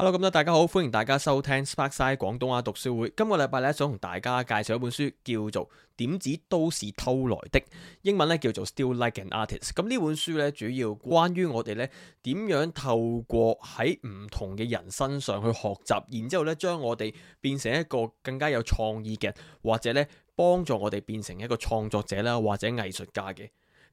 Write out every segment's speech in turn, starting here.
hello，咁大家好，歡迎大家收聽 Sparksine 廣東話讀書會。今個禮拜咧，想同大家介紹一本書，叫做《點子都是偷來的》，英文咧叫做《Steal Like an Artist》嗯。咁呢本書咧，主要關於我哋咧點樣透過喺唔同嘅人身上去學習，然之後咧將我哋變成一個更加有創意嘅，或者咧幫助我哋變成一個創作者啦，或者藝術家嘅。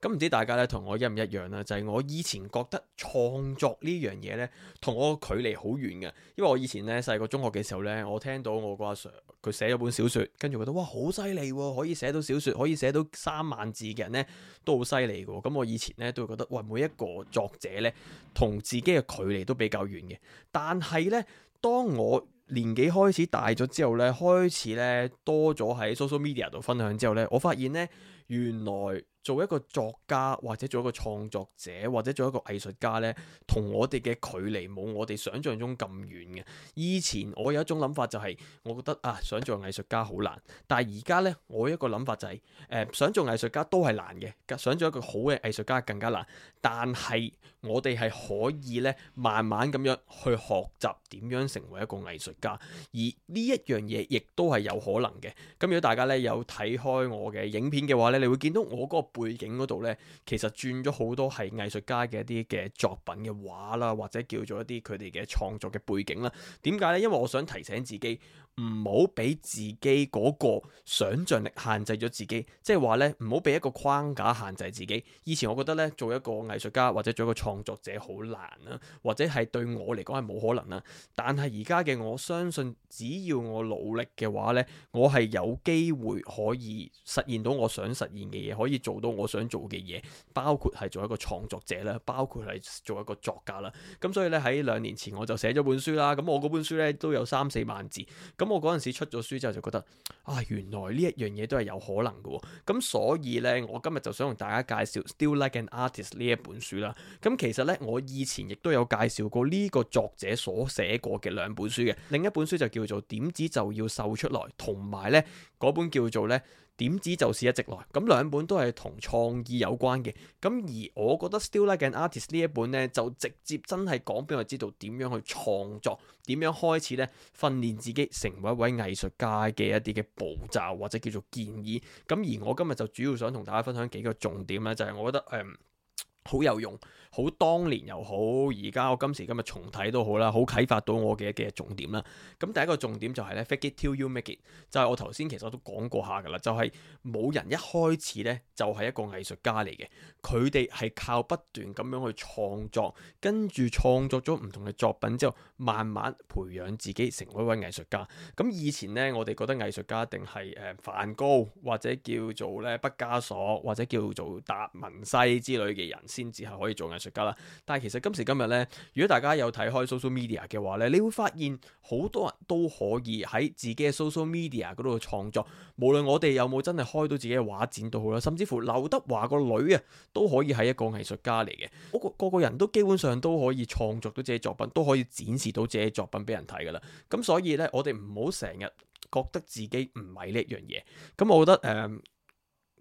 咁唔知大家咧同我一唔一樣啦？就係我以前覺得創作呢樣嘢咧，同我距離好遠嘅，因為我以前咧細個中學嘅時候咧，我聽到我個阿 Sir 佢寫咗本小說，跟住覺得哇好犀利，可以寫到小說，可以寫到三萬字嘅人咧都好犀利嘅。咁我以前咧都會覺得哇，每一個作者咧同自己嘅距離都比較遠嘅。但係咧，當我年紀開始大咗之後咧，開始咧多咗喺 social media 度分享之後咧，我發現咧原來。做一個作家或者做一個創作者或者做一個藝術家呢，同我哋嘅距離冇我哋想象中咁遠嘅。以前我有一種諗法就係，我覺得啊，想做藝術家好難。但係而家呢，我一個諗法就係呃，想做藝術家都係難嘅，想做一個好嘅藝術家更加難。但係我哋係可以呢慢慢，咁樣去學習點樣成為一個藝術家，而呢一樣嘢，亦都係有可能嘅。咁如果大家呢有睇開我嘅影片嘅話呢，你會見到我個。背景嗰度呢，其實轉咗好多係藝術家嘅一啲嘅作品嘅畫啦，或者叫做一啲佢哋嘅創作嘅背景啦。點解呢？因為我想提醒自己。唔好俾自己嗰個想像力限制咗自己，即係話呢，唔好俾一個框架限制自己。以前我覺得呢，做一個藝術家或者做一個創作者好難啊，或者係對我嚟講係冇可能啦、啊。但係而家嘅我相信，只要我努力嘅話呢，我係有機會可以實現到我想實現嘅嘢，可以做到我想做嘅嘢，包括係做一個創作者啦，包括係做一個作家啦。咁所以呢，喺兩年前我就寫咗本書啦，咁我嗰本書呢，都有三四萬字。咁我嗰陣時出咗書之後就覺得啊，原來呢一樣嘢都係有可能嘅喎。咁所以呢，我今日就想同大家介紹《Steal Like an Artist》呢一本書啦。咁其實呢，我以前亦都有介紹過呢個作者所寫過嘅兩本書嘅。另一本書就叫做《點子就要秀出來》，同埋呢嗰本叫做呢。點子就是一直來，咁兩本都係同創意有關嘅。咁而我覺得 Steal Like an Artist 呢一本呢，就直接真係講俾我知道點樣去創作，點樣開始呢，訓練自己成為一位藝術家嘅一啲嘅步驟或者叫做建議。咁而我今日就主要想同大家分享幾個重點呢就係、是、我覺得誒好、嗯、有用。好當年又好，而家我今時今日重睇都好啦，好啟發到我嘅嘅重點啦。咁第一個重點就係、是、咧，fake it till you make it。就係、是、我頭先其實我都講過下噶啦，就係、是、冇人一開始咧就係一個藝術家嚟嘅，佢哋係靠不斷咁樣去創作，跟住創作咗唔同嘅作品之後，慢慢培養自己成為一位藝術家。咁以前咧，我哋覺得藝術家一定係誒梵高或者叫做咧畢加索或者叫做達文西之類嘅人先至係可以做藝術家啦，但係其實今時今日呢，如果大家有睇開 social media 嘅話呢，你會發現好多人都可以喺自己嘅 social media 嗰度創作，無論我哋有冇真係開到自己嘅畫展都好啦，甚至乎劉德華個女啊都可以係一個藝術家嚟嘅，我個個人都基本上都可以創作到自己作品，都可以展示到自己作品俾人睇噶啦。咁所以呢，我哋唔好成日覺得自己唔係呢一樣嘢。咁我覺得誒。嗯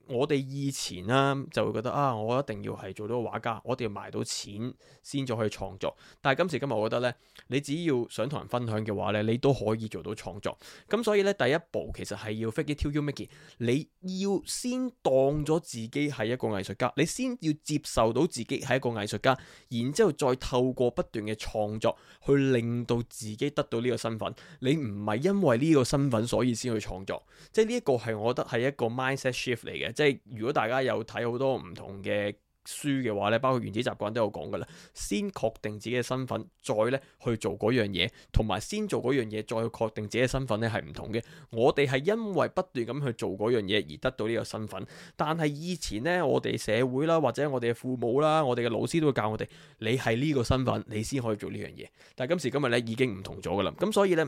我哋以前啦、啊、就會覺得啊，我一定要係做到個畫家，我哋要賣到錢先至可以創作。但係今時今日，我覺得呢，你只要想同人分享嘅話呢，你都可以做到創作。咁所以呢，第一步其實係要 fake it till you make it。你要先當咗自己係一個藝術家，你先要接受到自己係一個藝術家，然之後再透過不斷嘅創作去令到自己得到呢個身份。你唔係因為呢個身份所以先去創作，即係呢一個係我覺得係一個 mindset shift 嚟嘅。即係如果大家有睇好多唔同嘅書嘅話咧，包括原子習慣都有講嘅啦，先確定自己嘅身份，再咧去做嗰樣嘢，同埋先做嗰樣嘢，再確定自己嘅身份咧係唔同嘅。我哋係因為不斷咁去做嗰樣嘢而得到呢個身份，但係以前呢，我哋社會啦，或者我哋嘅父母啦，我哋嘅老師都會教我哋，你係呢個身份，你先可以做呢樣嘢。但係今時今日呢，已經唔同咗嘅啦，咁所以呢。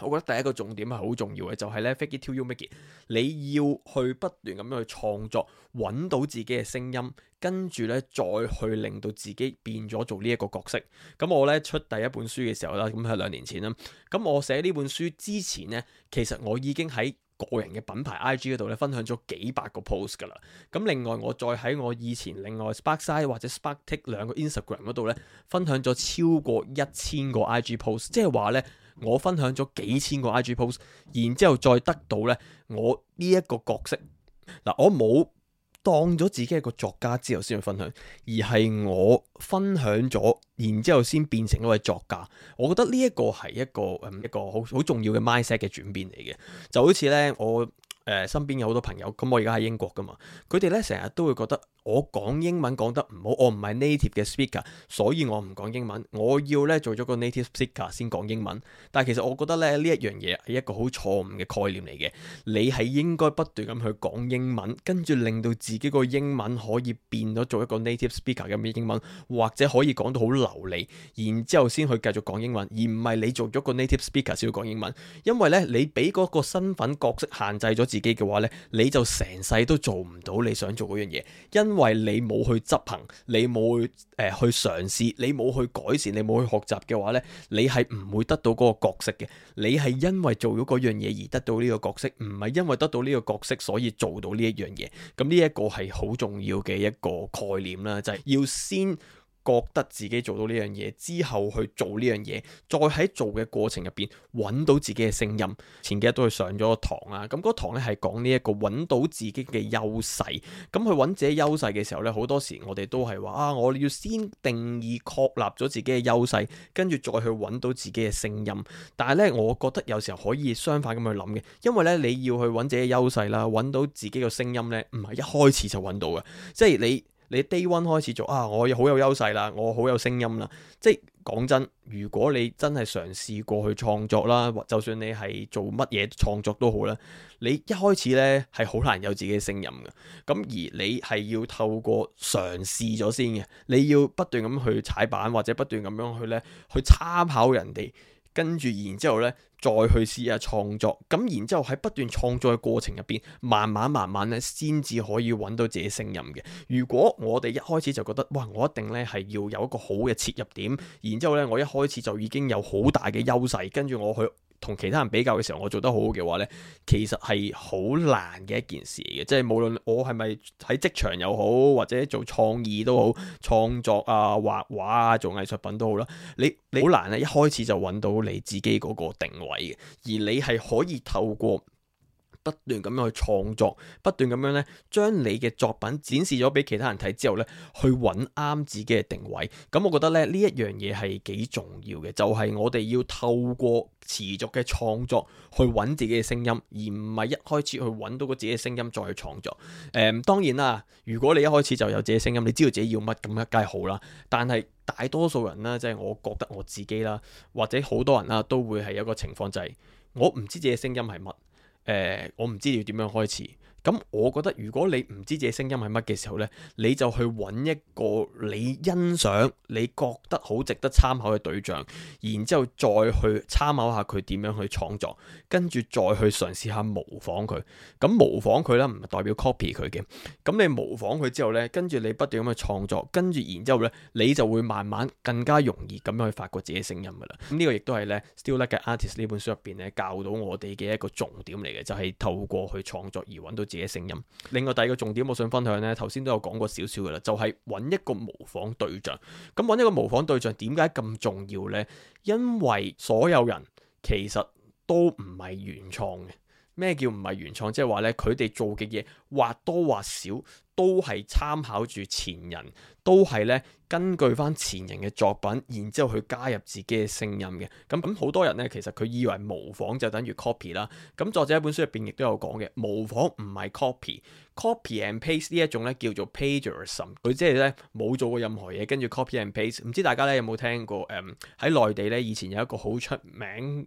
我覺得第一個重點係好重要嘅，就係咧，Fake it till you make it，你要去不斷咁樣去創作，揾到自己嘅聲音，跟住咧，再去令到自己變咗做呢一個角色。咁我咧出第一本書嘅時候啦，咁喺兩年前啦。咁我寫呢本書之前咧，其實我已經喺個人嘅品牌 IG 嗰度咧分享咗幾百個 post 噶啦。咁另外我再喺我以前另外 Sparksine 或者 Sparktick 兩個 Instagram 嗰度咧分享咗超過一千個 IG post，即係話咧。我分享咗幾千個 IG post，然之後再得到呢我呢一個角色，嗱，我冇當咗自己係個作家之後先去分享，而係我分享咗，然之後先變成一位作家。我覺得呢一個係、嗯、一個一個好好重要嘅 mindset 嘅轉變嚟嘅，就好似呢，我誒、呃、身邊有好多朋友，咁我而家喺英國噶嘛，佢哋呢成日都會覺得。我講英文講得唔好，我唔係 native 嘅 speaker，所以我唔講英文。我要咧做咗個 native speaker 先講英文。但係其實我覺得咧呢一樣嘢係一個好錯誤嘅概念嚟嘅。你係應該不斷咁去講英文，跟住令到自己個英文可以變咗做一個 native speaker 咁嘅英文，或者可以講到好流利，然之後先去繼續講英文，而唔係你做咗個 native speaker 先要講英文。因為咧你俾嗰個身份角色限制咗自己嘅話咧，你就成世都做唔到你想做嗰樣嘢。因因為你冇去執行，你冇誒去嘗試，你冇去改善，你冇去學習嘅話呢，你係唔會得到嗰個角色嘅。你係因為做咗嗰樣嘢而得到呢個角色，唔係因為得到呢個角色所以做到呢一樣嘢。咁呢一個係好重要嘅一個概念啦，就係要先。覺得自己做到呢樣嘢之後，去做呢樣嘢，再喺做嘅過程入邊揾到自己嘅聲音。前幾日都去上咗個堂啊，咁嗰堂咧係講呢一個揾到自己嘅優勢。咁去揾自己優勢嘅時候呢，好多時我哋都係話啊，我要先定義、確立咗自己嘅優勢，跟住再去揾到自己嘅聲音。但係呢，我覺得有時候可以相反咁去諗嘅，因為呢，你要去揾自己優勢啦，揾到自己嘅聲音呢，唔係一開始就揾到嘅，即係你。你低 a y 開始做啊，我好有優勢啦，我好有聲音啦。即係講真，如果你真係嘗試過去創作啦，或就算你係做乜嘢創作都好咧，你一開始呢係好難有自己聲音嘅。咁而你係要透過嘗試咗先嘅，你要不斷咁去踩板或者不斷咁樣去呢去參考人哋。跟住，然之後呢，再去試下創作，咁然之後喺不斷創作嘅過程入邊，慢慢慢慢呢，先至可以揾到自己聲音嘅。如果我哋一開始就覺得，哇！我一定呢係要有一個好嘅切入點，然之後呢，我一開始就已經有好大嘅優勢，跟住我去。同其他人比較嘅時候，我做得好嘅話咧，其實係好難嘅一件事嘅，即係無論我係咪喺職場又好，或者做創意都好，創作啊、畫畫啊、做藝術品都好啦，你你好難咧一開始就揾到你自己嗰個定位嘅，而你係可以透過。不斷咁樣去創作，不斷咁樣呢，將你嘅作品展示咗俾其他人睇之後呢，去揾啱自己嘅定位。咁我覺得咧，呢一樣嘢係幾重要嘅，就係、是、我哋要透過持續嘅創作去揾自己嘅聲音，而唔係一開始去揾到個自己嘅聲音再去創作。誒、嗯，當然啦，如果你一開始就有自己嘅聲音，你知道自己要乜，咁梗係好啦。但係大多數人啦、啊，即、就、係、是、我覺得我自己啦，或者好多人啦、啊，都會係有一個情況就係、是，我唔知自己嘅聲音係乜。誒、呃，我唔知要點樣開始。咁我覺得如果你唔知自己聲音係乜嘅時候呢，你就去揾一個你欣賞、你覺得好值得參考嘅對象，然之後再去參考下佢點樣去創作，跟住再去嘗試下模仿佢。咁模仿佢啦，唔係代表 copy 佢嘅。咁你模仿佢之後呢，跟住你不斷咁去創作，跟住然之後呢，你就會慢慢更加容易咁樣去發覺自己聲音噶啦。咁、這、呢個亦都係呢 Steal Like an Artist 呢本書入邊咧教到我哋嘅一個重點嚟嘅，就係、是、透過去創作而揾到。自己聲音。另外第二個重點，我想分享呢，頭先都有講過少少嘅啦，就係揾一個模仿對象。咁揾一個模仿對象，點解咁重要呢？因為所有人其實都唔係原創嘅。咩叫唔係原創？即係話呢，佢哋做嘅嘢，或多或少，都係參考住前人，都係咧根據翻前人嘅作品，然之後去加入自己嘅聲音嘅。咁咁好多人咧，其實佢以為模仿就等於 copy 啦。咁作者一本書入邊亦都有講嘅，模仿唔係 copy，copy and paste 呢一種咧叫做 plagiarism。佢即係咧冇做過任何嘢，跟住 copy and paste。唔知大家咧有冇聽過？誒喺內地咧，以前有一個好出名。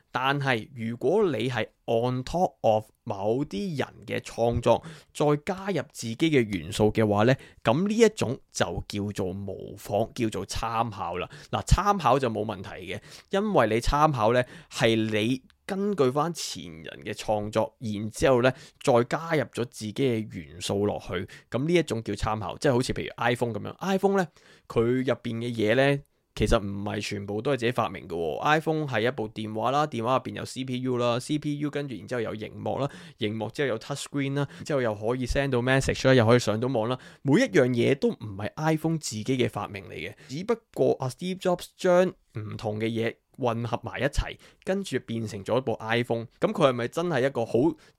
但係如果你係 on top of 某啲人嘅創作，再加入自己嘅元素嘅話呢，咁呢一種就叫做模仿，叫做參考啦。嗱、啊，參考就冇問題嘅，因為你參考呢係你根據翻前人嘅創作，然之後呢再加入咗自己嘅元素落去，咁呢一種叫參考，即係好似譬如 iPhone 咁樣，iPhone 呢佢入邊嘅嘢呢。其實唔係全部都係自己發明㗎喎。iPhone 係一部電話啦，電話入邊有 CPU 啦，CPU 跟住然之後有熒幕啦，熒幕之後有 touch screen 啦，之後又可以 send 到 message 啦，又可以上到網啦。每一樣嘢都唔係 iPhone 自己嘅發明嚟嘅，只不過阿、啊、Steve Jobs 將唔同嘅嘢混合埋一齊。跟住變成咗一部 iPhone，咁佢係咪真係一個好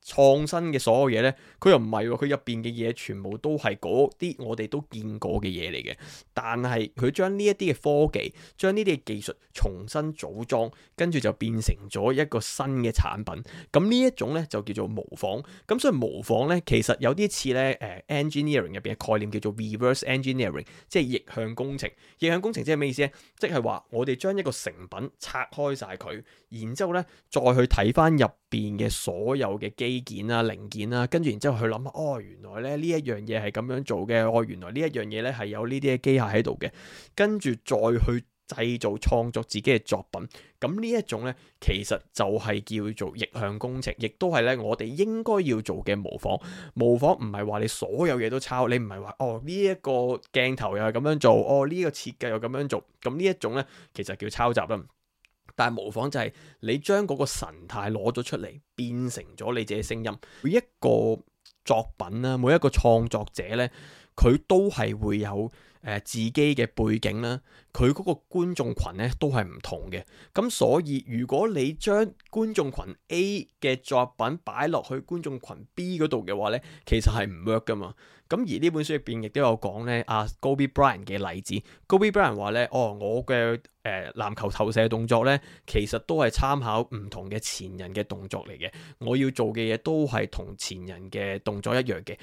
創新嘅所有嘢呢？佢又唔係喎，佢入邊嘅嘢全部都係嗰啲我哋都見過嘅嘢嚟嘅。但係佢將呢一啲嘅科技，將呢啲嘅技術重新組裝，跟住就變成咗一個新嘅產品。咁呢一種呢，就叫做模仿。咁所以模仿呢，其實有啲似呢誒、呃、engineering 入邊嘅概念叫做 reverse engineering，即係逆向工程。逆向工程即係咩意思呢？即係話我哋將一個成品拆開晒佢。然之後咧，再去睇翻入邊嘅所有嘅機件啊、零件啊。跟住然之後去諗，哦，原來咧呢一樣嘢係咁樣做嘅，哦，原來呢一樣嘢咧係有呢啲嘅機械喺度嘅，跟住再去製造創作自己嘅作品。咁、嗯、呢一種咧，其實就係叫做逆向工程，亦都係咧我哋應該要做嘅模仿。模仿唔係話你所有嘢都抄，你唔係話哦呢一、這個鏡頭又係咁樣做，哦呢、這個設計又咁樣做，咁、嗯、呢一種咧其實叫抄襲啦。但係模仿就係你將嗰個神態攞咗出嚟，變成咗你自己嘅聲音。每一個作品啦，每一個創作者咧。佢都係會有誒、呃、自己嘅背景啦，佢嗰個觀眾群咧都係唔同嘅，咁所以如果你將觀眾群 A 嘅作品擺落去觀眾群 B 嗰度嘅話咧，其實係唔 work 噶嘛咁而呢本書入邊亦都有講咧，阿、啊、Kobe Bryant 嘅例子，Kobe Bryant 話咧，哦，我嘅誒、呃、籃球投射動作咧，其實都係參考唔同嘅前人嘅動作嚟嘅，我要做嘅嘢都係同前人嘅動作一樣嘅。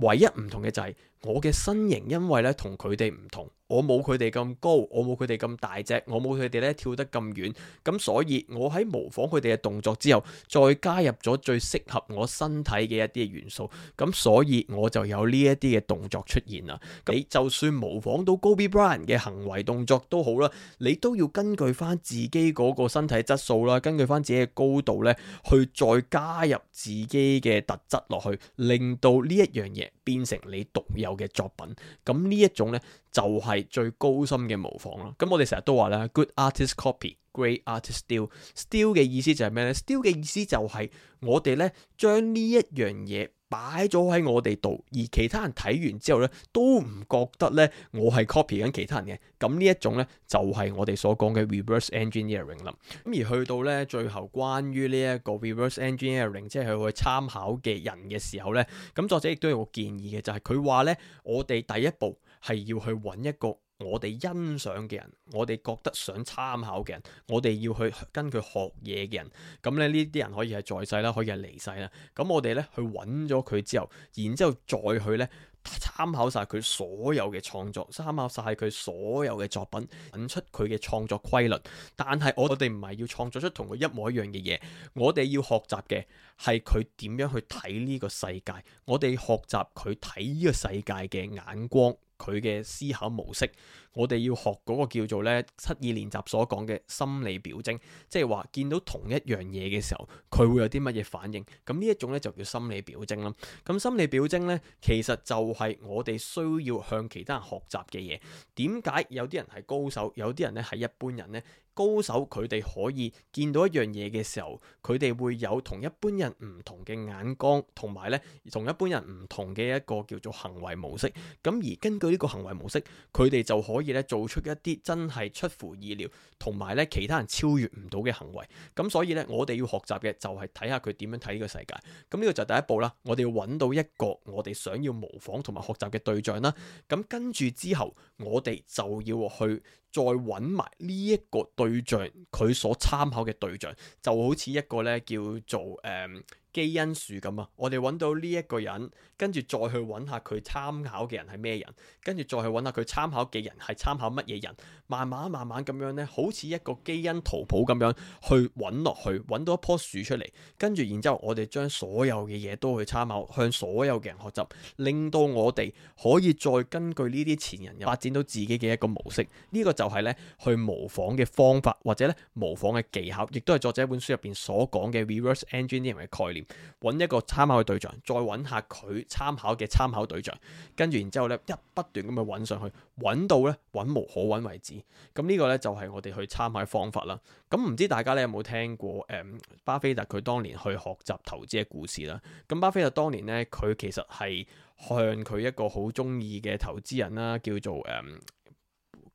唯一唔同嘅就係我嘅身形，因為咧同佢哋唔同。我冇佢哋咁高，我冇佢哋咁大隻，我冇佢哋咧跳得咁遠，咁所以我喺模仿佢哋嘅動作之後，再加入咗最適合我身體嘅一啲元素，咁所以我就有呢一啲嘅動作出現啦。你就算模仿到 Kobe Bryant 嘅行為動作都好啦，你都要根據翻自己嗰個身體質素啦，根據翻自己嘅高度咧，去再加入自己嘅特質落去，令到呢一樣嘢變成你獨有嘅作品。咁呢一種咧就係、是。最高深嘅模仿咯，咁我哋成日都話啦，good artist copy，great artist steal。steal 嘅意思就係咩呢？steal 嘅意思就係我哋呢將呢一樣嘢擺咗喺我哋度，而其他人睇完之後呢都唔覺得呢我係 copy 緊其他人嘅。咁呢一種呢，就係、是、我哋所講嘅 reverse engineering 啦。咁而去到呢最後關於呢一個 reverse engineering，即係去參考嘅人嘅時候呢，咁作者亦都有個建議嘅，就係佢話呢：「我哋第一步。係要去揾一個我哋欣賞嘅人，我哋覺得想參考嘅人，我哋要去跟佢學嘢嘅人。咁咧，呢啲人可以係在世啦，可以係離世啦。咁我哋咧去揾咗佢之後，然之後再去咧參考晒佢所有嘅創作，參考晒佢所有嘅作品，揾出佢嘅創作規律。但係我哋唔係要創作出同佢一模一樣嘅嘢，我哋要學習嘅係佢點樣去睇呢個世界，我哋學習佢睇呢個世界嘅眼光。佢嘅思考模式，我哋要學嗰個叫做咧七二練習所講嘅心理表徵，即係話見到同一樣嘢嘅時候，佢會有啲乜嘢反應？咁呢一種咧就叫心理表徵啦。咁心理表徵咧，其實就係我哋需要向其他人學習嘅嘢。點解有啲人係高手，有啲人咧係一般人咧？高手佢哋可以見到一樣嘢嘅時候，佢哋會有同一般人唔同嘅眼光，同埋呢同一般人唔同嘅一個叫做行為模式。咁而根據呢個行為模式，佢哋就可以咧做出一啲真係出乎意料，同埋咧其他人超越唔到嘅行為。咁所以咧，我哋要學習嘅就係睇下佢點樣睇呢個世界。咁、這、呢個就係第一步啦。我哋要揾到一個我哋想要模仿同埋學習嘅對象啦。咁跟住之後，我哋就要去。再揾埋呢一個對象，佢所參考嘅對象，就好似一個呢叫做誒，呃基因樹咁啊，我哋揾到呢一個人，跟住再去揾下佢參考嘅人係咩人，跟住再去揾下佢參考嘅人係參考乜嘢人，慢慢慢慢咁樣咧，好似一個基因圖譜咁樣去揾落去，揾到一棵樹出嚟，跟住然之後我哋將所有嘅嘢都去參考，向所有嘅人學習，令到我哋可以再根據呢啲前人發展到自己嘅一個模式。呢個就係咧去模仿嘅方法，或者咧模仿嘅技巧，亦都係作者本書入邊所講嘅 reverse engineering 嘅概念。揾一個參考嘅對象，再揾下佢參考嘅參考對象，跟住然之後呢，一不斷咁去揾上去，揾到呢，揾無可揾為止。咁、這、呢個呢，就係、是、我哋去參考嘅方法啦。咁唔知大家呢有冇聽過誒、嗯、巴菲特佢當年去學習投資嘅故事啦？咁、嗯、巴菲特當年呢，佢其實係向佢一個好中意嘅投資人啦，叫做誒。嗯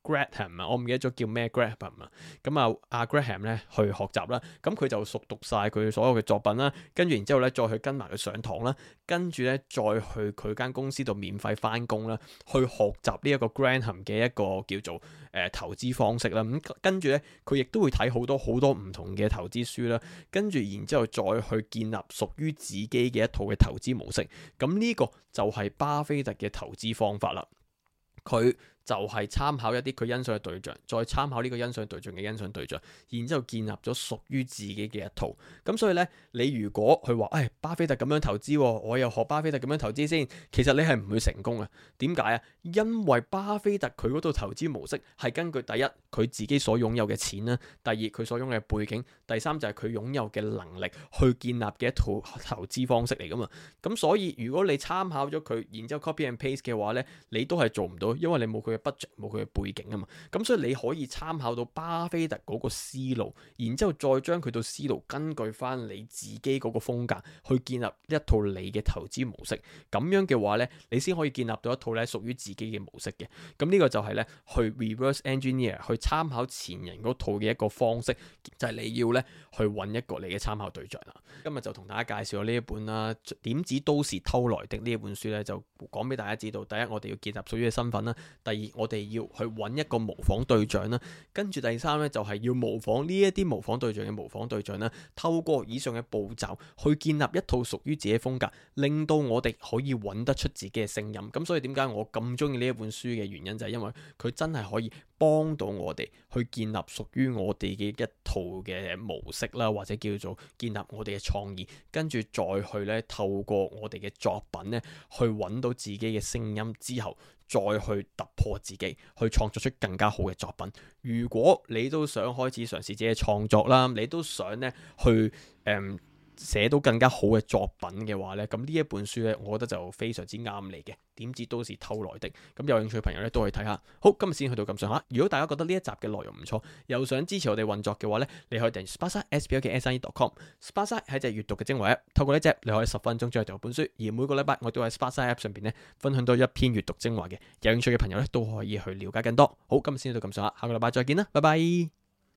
Graham, Graham 啊，我唔記得咗叫咩 Graham 啊，咁啊阿 Graham 咧，去學習啦，咁佢就熟讀晒佢所有嘅作品啦，跟住然之後咧，再去跟埋佢上堂啦，跟住咧，再去佢間公司度免費翻工啦，去學習呢一個 Graham 嘅一個叫做誒、呃、投資方式啦，咁跟住咧，佢亦都會睇好多好多唔同嘅投資書啦，跟住然之後再去建立屬於自己嘅一套嘅投資模式，咁呢個就係巴菲特嘅投資方法啦，佢。就係參考一啲佢欣賞嘅對象，再參考呢個欣賞對象嘅欣賞對象，然之後建立咗屬於自己嘅一套。咁所以呢，你如果去話，唉、哎，巴菲特咁樣投資、哦，我又學巴菲特咁樣投資先，其實你係唔會成功嘅。點解啊？因為巴菲特佢嗰套投資模式係根據第一佢自己所擁有嘅錢啦，第二佢所擁有嘅背景，第三就係佢擁有嘅能力去建立嘅一套投資方式嚟噶嘛。咁所以如果你參考咗佢，然之後 copy and paste 嘅話呢，你都係做唔到，因為你冇佢佢嘅 budget，冇佢嘅背景啊嘛，咁所以你可以參考到巴菲特嗰個思路，然之後再將佢到思路根據翻你自己嗰個風格去建立一套你嘅投資模式，咁樣嘅話咧，你先可以建立到一套咧屬於自己嘅模式嘅。咁呢個就係咧去 reverse engineer 去參考前人嗰套嘅一個方式，就係、是、你要咧去揾一個你嘅參考對象啦。今日就同大家介紹呢一本啦，《點子都是偷來的》呢一本書咧，就講俾大家知道。第一，我哋要建立屬於嘅身份啦。第二我哋要去揾一個模仿對象啦，跟住第三呢，就係要模仿呢一啲模仿對象嘅模仿對象啦，透過以上嘅步驟去建立一套屬於自己風格，令到我哋可以揾得出自己嘅聲音。咁所以點解我咁中意呢一本書嘅原因就係因為佢真係可以幫到我哋去建立屬於我哋嘅一套嘅模式啦，或者叫做建立我哋嘅創意，跟住再去呢，透過我哋嘅作品呢，去揾到自己嘅聲音之後。再去突破自己，去創作出更加好嘅作品。如果你都想開始嘗試自己嘅創作啦，你都想咧去誒。嗯寫到更加好嘅作品嘅話呢，咁呢一本書呢，我覺得就非常之啱你嘅。點子都是偷來的，咁有興趣嘅朋友呢，都可以睇下。好，今日先去到咁上下。如果大家覺得呢一集嘅內容唔錯，又想支持我哋運作嘅話呢，你可以訂閱 Sparksine Sparksine 嘅 sparksine.com。Sparksine 係隻閱讀嘅精華 app，透過呢隻你可以十分鐘將嚟讀本書。而每個禮拜我都喺 Sparksine app 上邊呢，分享多一篇閱讀精華嘅，有興趣嘅朋友呢，都可以去了解更多。好，今日先去到咁上下，下個禮拜再見啦，拜拜。